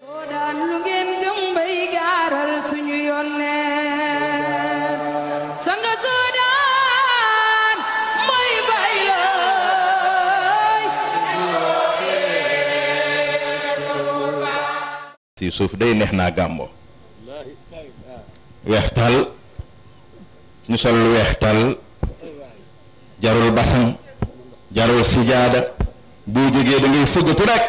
soo lu ngeen gëm bay gaaral suñu yónnee sanga soo daan mooy bay looy si suuf day neex naa gàmbo weextal ñu lu weextal jarul basan jarul sijaada boo jógee da ngay rek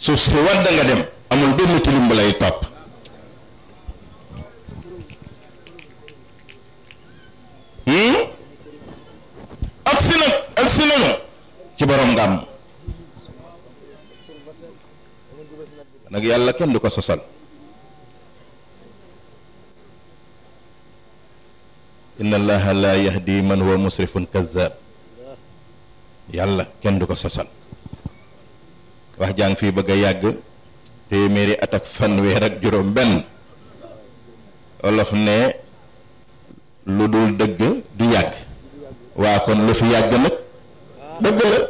suuf si wadda nga dem amul benn tilim bu lay topp hmm? agsi nag agsi nañu ci borom ndàmm nag yàlla kenn du ko sosal inna allaha la yahdi man huwa musrifun kazzab yàlla kenn du ko sosal wax jàng fii bëgg a yàgg téeméeri at ak ak juróom benn olof ne lu dul dëgg du yàgg waa kon lu fi yàgg nag dëgg la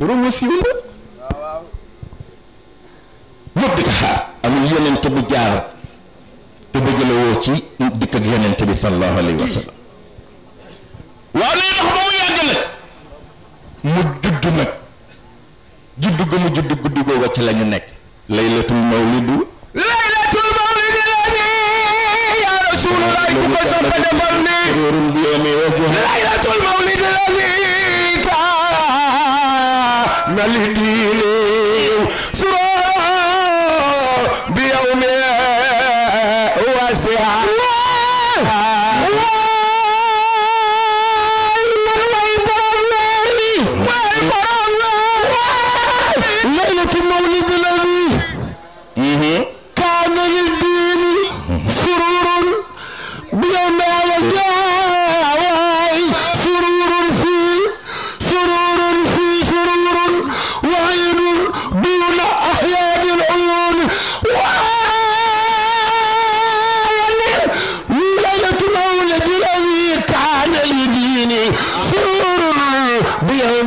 promotion la ñëpp di ko xaar amul yonent bu jaar te bëgg la woo ci dikk ak bi sallallahu alayhi wa sallam ba mu yàgg nag mu judd nag juddu gu judd guddi googu ci la nekk laylatul mawlidu laylatul mawlidi ladi ya rasulullah ku ko sopp defal ni personality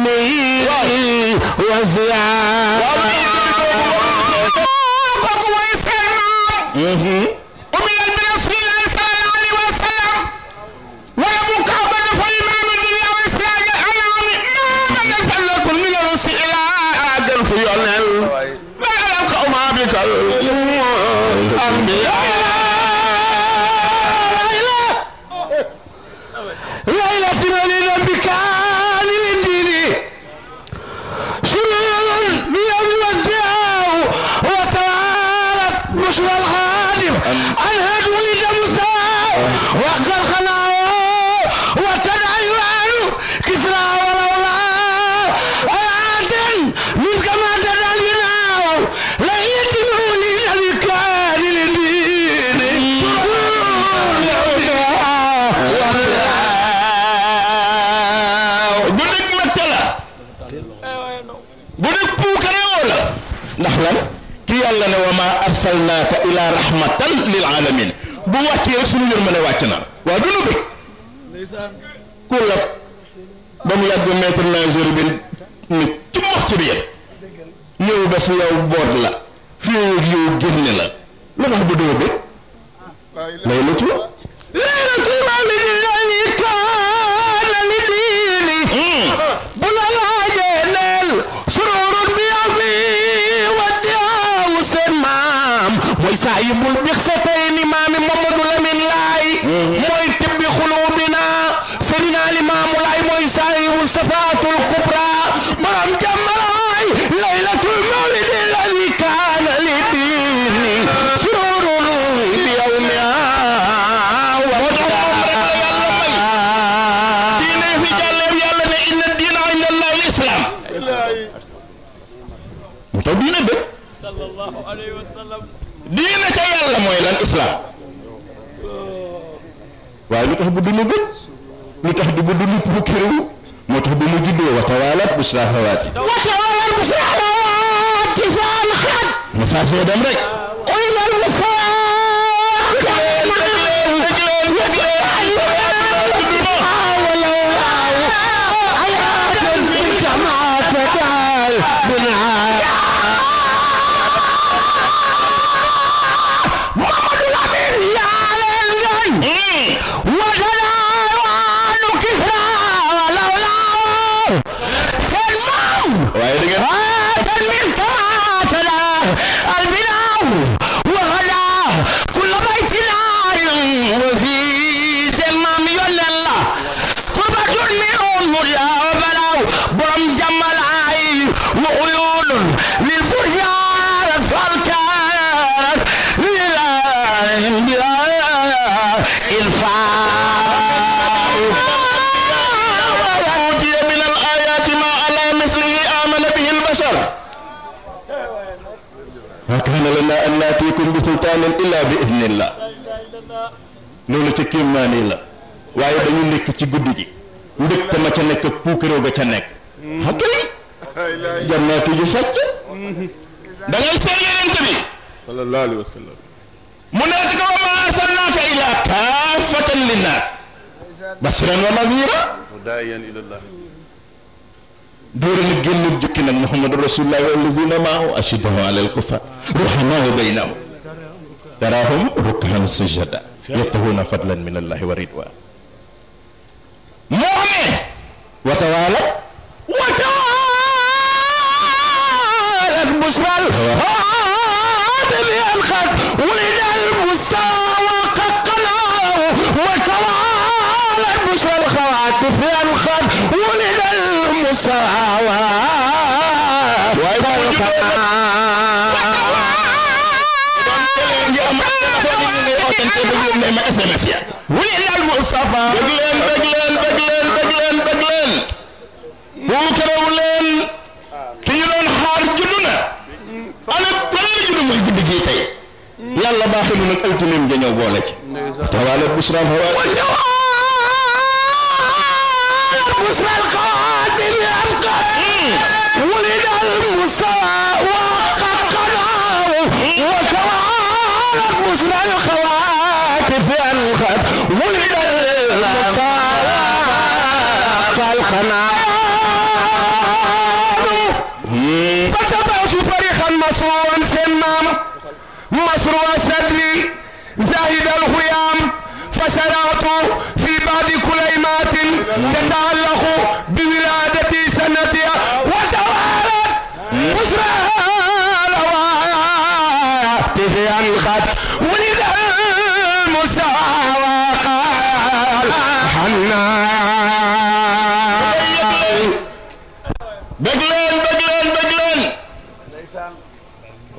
حكمه وزيادة yàlla ne wa maa arsalnaaka ilaa rahmatan lil alamin bu wàccee rek suñu yërmande wàcc na waaw du nu bëgg ku lab ba mu yàgg maître nageur bi ni ci wax ci biir ñëw ba si yow boot la fii yow génne la lu tax bu doo bëgg lay lu ci mooy saa yi bul bix sa tey limaami Mamadou Lamine Laay mooy tibbi xuluubina Sëriñ Limaamu Laay mooy saa yi wul safaatul kubra yàlla mooy lan islam waaye lu tax bu dund bët lu tax du bu dund bu këriwu moo tax bu mu juddoo watawaalaat bu siraxawaati watawaalaat bu siraxawaati faal xaat mu saa see dem rek الفاء وكان لنا أن نأتيكم بسلطان إلا بإذن الله loolu ca kéemaane la waaye dañu nekk ci guddi gi ndëkk ma ca nekk puukaroo ga ca nekk ok jannaatu ju fecc da ngay seet yeneen bi sallallahu alayhi wa sallam mu nekk ci kaw maa arsalnaaka illaa kaafatan linnaas basiran wa دور الجن جكنا محمد رسول الله والذين معه أشدهم على الكفار رحماء بينهم تراهم ركعا سجدا يبتغون فضلا من الله ورضوان مؤمن وتوالى leen ma SMS ya wuyilal Mustafa bëgg leen bëgg leen bëgg leen bëgg leen bëgg leen buukarewu leen ki ñu doon xaar juddu na ana kan la juddu muy judd gii tey yàlla baaxee nu nag altineem ja ñëw boole ci tawaale busran hawaale the sun.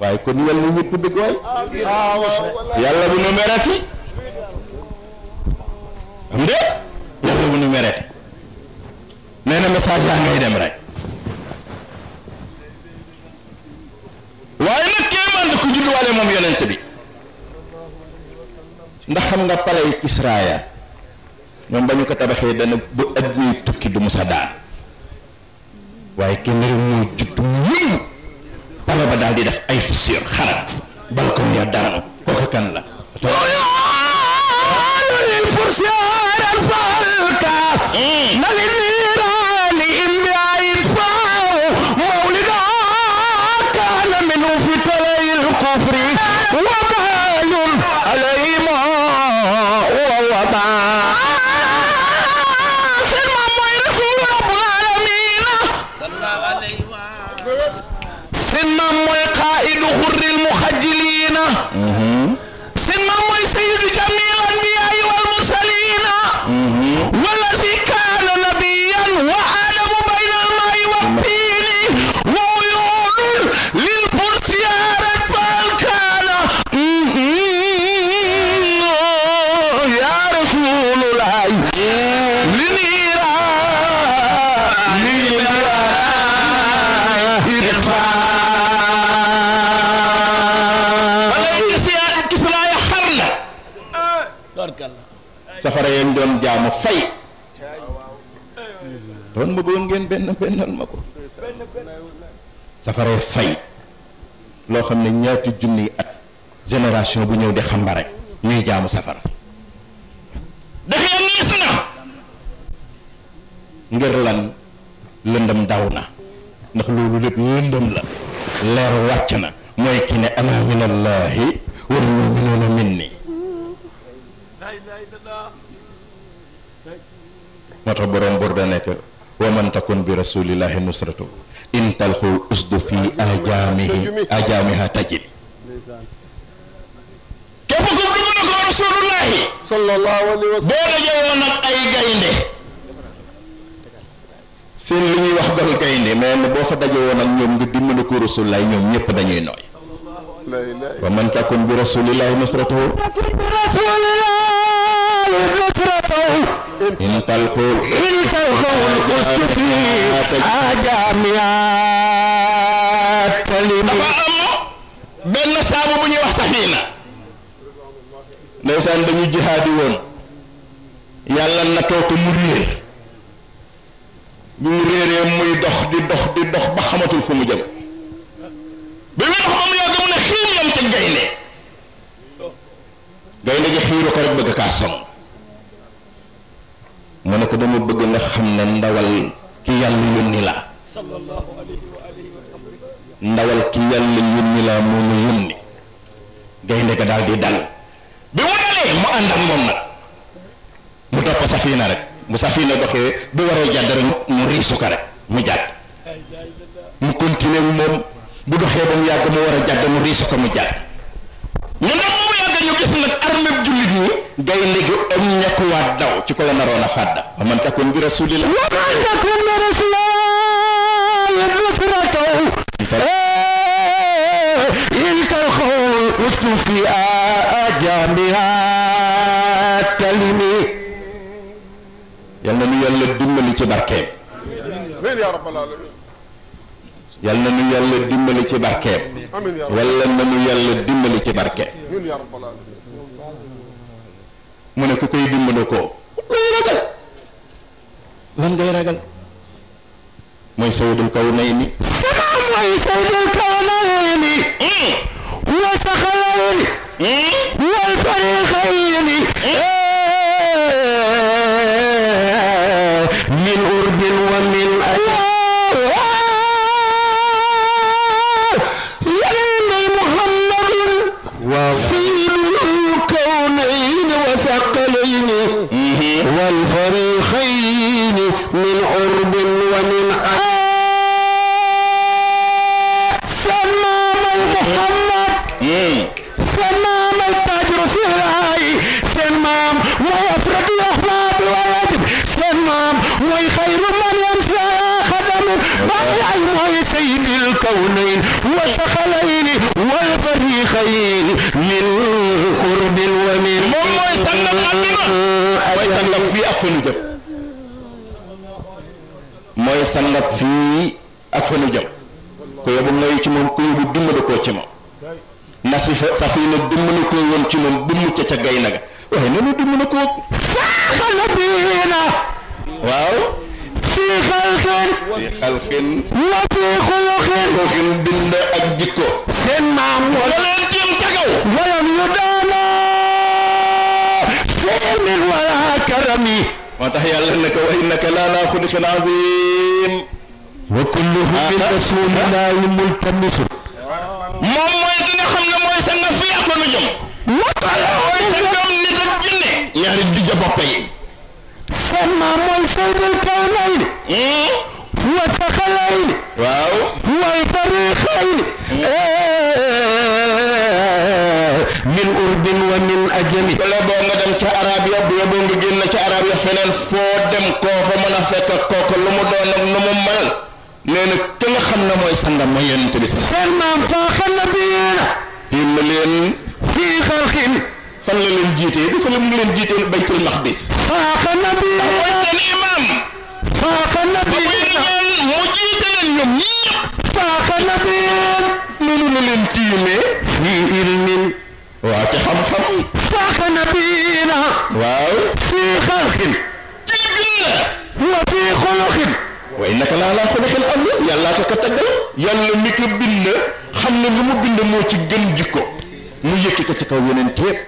waaye kon yàlla ñëpp bëgg waay yàlla bu nu merati am de yàlla bu nu merati nee message yaa ngay dem rek waaye nag kéemaan da ko judduwaale moom yonent bi ndax xam nga pale Israaya ñoom ba ko tabaxee bu ñuy tukki du musa daan بابا دال دي داف اي فسير خرب بالكم يا دارو كوكا لا safara yeen doon jaamu fay doon ma ngeen benn bennal ma ko safara fay loo xam ne ñaati junni at génération bu ñëw di xambare ñuy jaamu safara dafay niis na ngir lan lëndëm daw na ndax loolu lépp lëndëm la leer wàcc na mooy ki ne ana min allahi wal muminuuna moo tax borom nekk wa man takun bi rasulillahi nusratu in talxul usdu képp ko gëm na ko rasulullahi boo dajee ak ay gaynde seen li ñuy wax dal gaynde mais boo fa dajee ak ñoom nga dimbali ko rasulullahi ñoom ñëpp dañuy nooy wa man bi rasulillahi nusratu القول انت القول انت القول اسكتي am benn saabu bu ñuy wax safiina ndeysaan dañu jihaadi woon yàlla na too mu réer bu mu réeree muy dox di dox di dox ba xamatul mu jëm bi muy dox ba mu yàgg mu ne xiir lam ca gaynde gaynde gi xiiru ko rek bëgg kaa sonn ko dama bëgg nga xam na ndawal ki yàlla yónni la ndawal ki yàlla yónni la mo ñu yónni gaynde ga dal di dal bi mu dalé mu and ak mom nak mu topp safina rek bu safina doxé bi waré jàdd rek mu risu ka rek mu jadd mu continue mom bu doxé ba mu yàgg mu war jadd mu risu ko mu jadd gaynde gi om ñekkuwaat daw ci ko la naroon a fàdda wa man takun bi rasulillah wa man takun bi rasulillah eh, yal na nu yàlla dimbali ci barkeem yal na nu yàlla dimbali ci barkeem wala na nu yàlla dimbali ci barkeem mu ne ku koy dimbale koo looy ragal lan ngay ragal mooy saydul kaw nay ni sama mooy saydul kaw nay ni hmm. wa saxalay hmm. wal fariqayni hmm. sallab fii ak fa nu jëm ku yóbbu noyu ci moom ku yóbbu dimbali koo ci moom nasifa safina dimbali koo woon ci moom bu mucc ca gay naga waaye noonu dimbali koo faaxala waaw fii xalxin fii xalxin wa fii xuluxin xuluxin ak jikko وتحيا لك وانك لنا خلق عظيم وكله من آه، رسول الله الملتمس مم يدنا خمنا ما يسنا في اكل نجم وطلع ويسنا نجم الجنة يعني دي جبابي سمع مرسل الكامل هو سخلين واو هو طريقين ايه arabin wa min ajami wala boo nga dem ca arab ya bu yóbboo nga génn ca arab ya feneen foo dem koo fa mën a fekk kooku lu mu doon ak nu mu mel nee na ki nga xam ne mooy sangam mooy yonent bi seen maam faaxal na biir yéen na leen fii xalxin fan la leen jiitee dafa la mu leen jiitee baytul maqdis faaxal na biir mooy seen imam faaxal na biir mu jiite leen ñoom ñëpp faaxal na biir noonu la leen tiimee fii ilmin وتحمحم فاق نبينا واو في خلق وفي خلق وإنك لا لا خلق الأرض يلا كتدل يلا ميك بند خمنا لمو بند مو ci gën jikko mu yëkki ko ci kaw yonent yëpp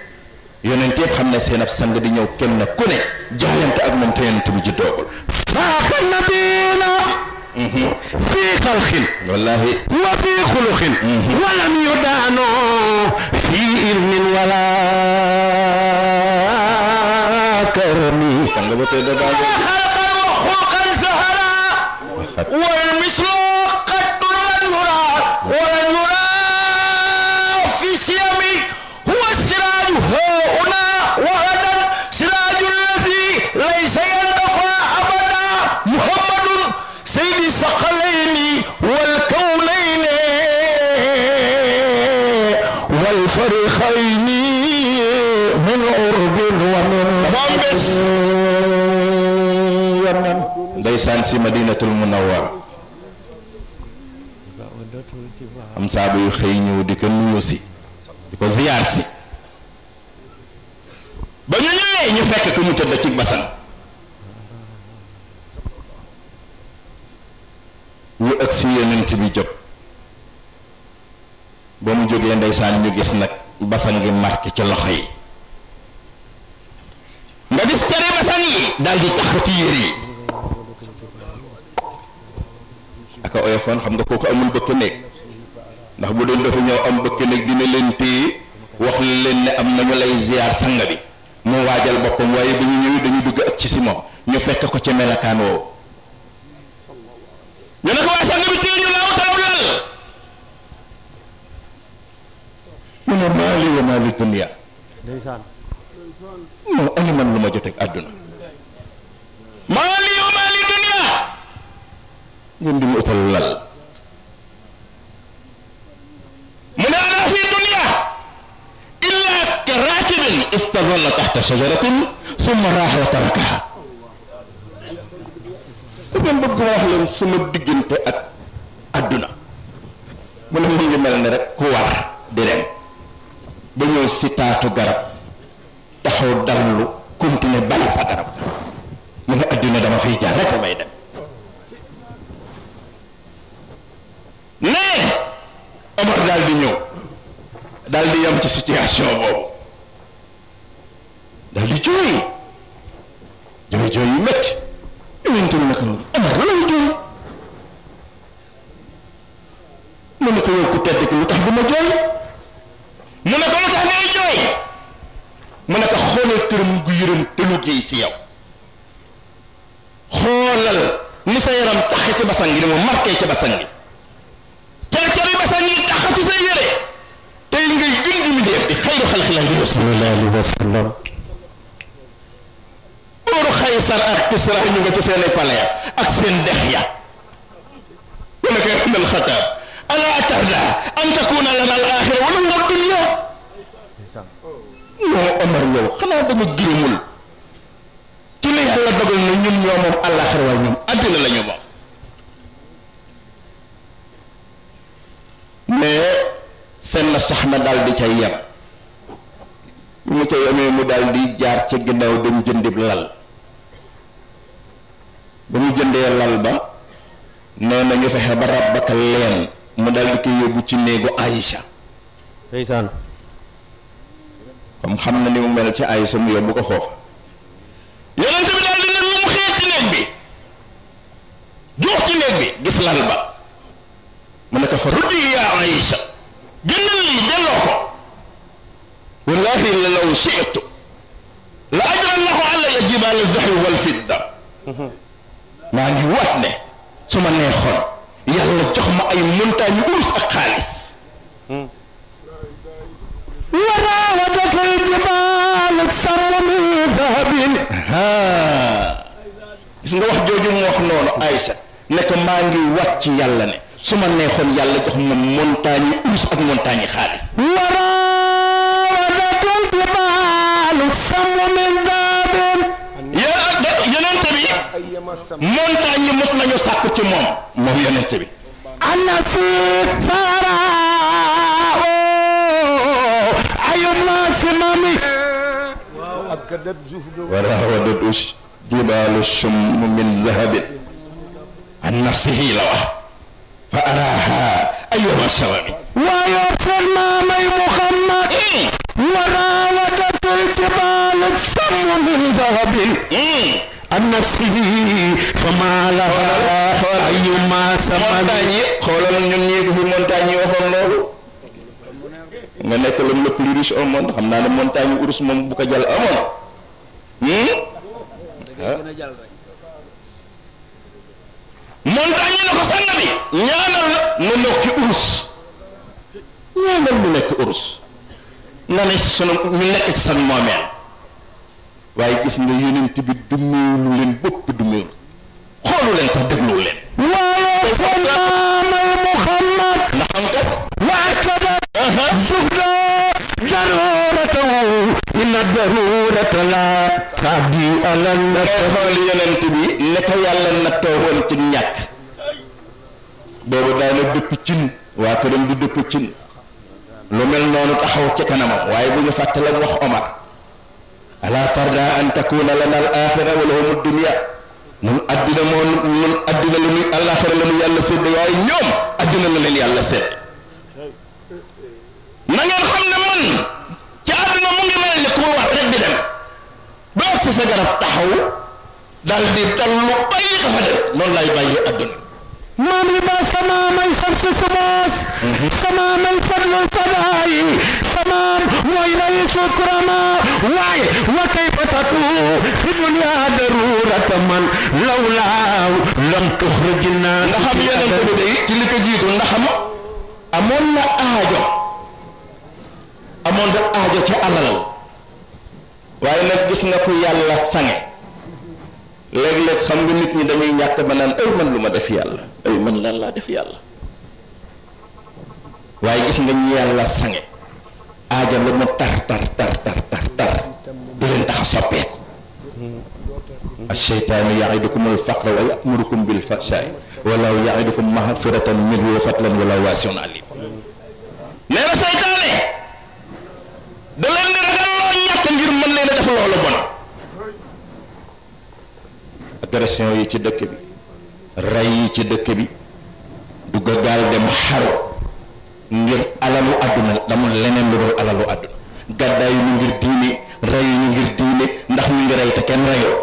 yonent yëpp xam ne seen ab sang di ñëw kenn ku ne jaayante ak moom te yonent bi ji doogul faax nabiina في خلق والله وفي خلق ولم يدانوا في علم ولا كرم si madinatul munawwara am saaba yu xëy ñëw di ko nuyu si di ko ziyaar si ba ñu ñëwee ñu fekk ku mu tëdd ci basan ñu ëgg si yonent bi jóg ba mu jógee ndeysaan ñu gis nag basan gi marqué ci loxo yi nga gis cere basan yi daal di tax ci yi aka oyofoon xam nga kooku amul bëkk néeg ndax bu doon dafa ñëw am bëkk néeg dina leen téye wax leen ne am nañu lay ziar sang bi mu waajal boppam waaye bu ñu ñëwee dañu dugg ak ci si moom ñu fekk ko ca melakaan woowu ñu ne ko waa sang bi lu ma jot àdduna تحت شجرة ثم راح وتركها dama bëgg wax leen sama diggante ak adduna mu ne mu ngi mel ne rek ku war di dem ba ñëw si taatu garab ko yow ku tedd ki lu tax du ma jooy mu ne ko lu tax ngay jooy mu ne ko xoolal këram gu yërëm te liggéey si yow xoolal ni sa yaram taxe ci basan gi ni mu marqué ci basan gi cere-cere basan gi tax ci say yére tey ngay gën di mu def di xayru xalqillahi rasulillahi alayhi wa sallam booru Xaysar ak Kisra ñu nga ci seen palais ak seen dex ya mu ne ko ibnal Xattaab arda an takuna lana al axira wala wa dunia non Omar yow xanaa dama gërëmul ci la yàlla dogal na ñun ñoo moom àllaaxira waaye ñoom àddina moom mais seen soxna daal di cay yem mu ca yemee mu daal jaar ci ginnaaw dem jëndib lal ba mu jëndee lal ba nee na ñu fexe ba ràbbaka leen mu daal di koy yóbbu ci néegu Aïcha ndeysaan comme xam na mu mel ci Aïcha mu yóbbu ko bi daal di mu xeex ci néeg bi gis lal ba mu ne ko fa ruddi yaa Aïcha génnal lii delloo ko wallahi la law shi'tu la ajrallahu alayya jibaal al-dhahabi wal fidda mhm. maa ngi waat su ma neexoon يلا جخ اي مونتاني اولس اك خالص ورا ودك الجبال تسلمي ذهبين ها اسم واخ جوجو مو واخ نونو عائشه نك يلا ني سوما يلا جخ ما مونتاني اولس ورا montagne yi mos nañu sàkku ci moom moom yonent bi ana si farao oh, ayum na si mami وراودت جبال الشم من ذهب عن نفسه لوح فأراها أيها الشباب ويرسل مامي محمد وراودت الجبال الشم من ذهب عن نفسه فما له أيما سمى xoolal ñun ñii du fi montagne yi waxoon loolu nga nekk l'homme le plus riche au naa ne montagne urus moom bu ko jàll amoon hmm? ah. montagne yi na ko sànna bi ñaanal mu nokki urus ñaanal mu nekk urus nga ne sunu ñu nekk ci san moomeel waaye gis nga yonent bi dumeewul leen bopp dumeewul xoolu leen sax dégluwul leen waaye seen maamay Muhammad ndax xam ko waa kabat zuhda daruratahu inna darurata la tabi ala xool yonent bi ne ko yàlla nattoo woon ci ñàkk boobu daana dëpp cin waa këram di dëpp cin lu mel noonu taxaw ci kanamam waaye bu ñu fàttale wax Omar alaa tarda an takuna lana al axira wa lahum dunia nun addina moo nun addina la nuy alaxira la nu yàlla sédd waaye ñoom addina la leen yàlla sédd na ngeen xam ne man ci addina mu ngi mel ni ku wax rek di dem ba si sa garab taxaw daal di dal lu bari ka fa dem noonu lay bàyyi adduna maam yi ba sama may sam sa samaas mhm. sama may fadlul fadaay الرحمن وإليه شكرنا واي وكيف تكون في الدنيا ضرورة من لولا لم تخرجنا ndaxam yonent bi day ci li ko jiitu ndaxam amoon na aajo amoon na aajo ci alal waaye nag gis nga ko yàlla sange léeg-léeg xam nga nit ñi dañuy ñàkk ba naan ay man lu ma def yàlla ay man laa def yàlla waaye gis nga ñi yàlla sange aaja lu mu tar tar tar tar tar du leen tax a soppeeku asheytaanu yaidukum alfaqra wa yamurukum bilfahshaai walaw yaidukum mahfiratan minhu wa fadlan wala waasiun alim nee na seytaane da leen di ragalloo ñàkk ngir mën leen a def loolu bon agression yi ci dëkk bi rey yi ci dëkk bi dugg gaal dem xaru ngir alalu àdduna damul leneen lu dul alalu àdduna gàddaayu ñu ngir diine reyu ñu ngir diine ndax ñu ngi rey te kenn reyoo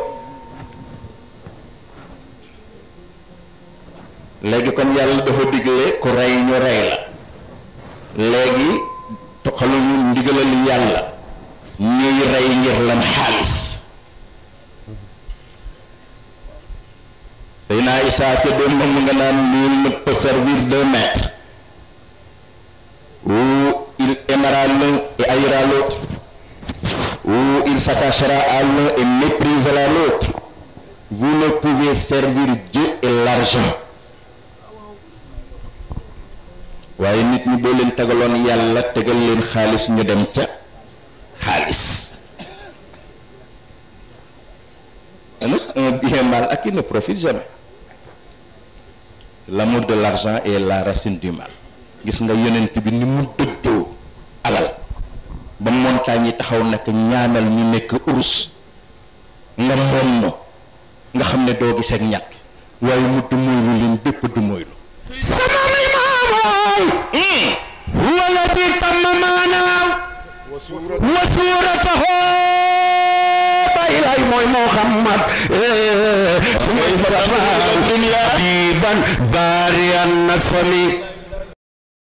léegi kon yàlla dafa digle ku rey ñu rey la léegi toxaluñu ndigalali yàlla ñuy rey ngir lan xaalis Seydina Issa Seydou moom nga naan nul ne peut servir deux maîtres ou il aimera l'un et haïra l'autre, ou il s'attachera à l'un et méprisera l'autre. Vous ne pouvez servir Dieu et l'argent. vous nit ñi bo leen un bien mal qui ne profite jamais l'amour de l'argent est la racine du mal gis nga yonent bi ni mu dëddoo alal ba montagne taxaw nak ñaanal ñu nekk urus nga monno nga xamne do gis ak ñak waaye mu du moy lu leen bépp du moy lu sama may limaamu huwa lati tamma wa suuratahu ilahi moy muhammad eh sumay safa dunya diban barian nasami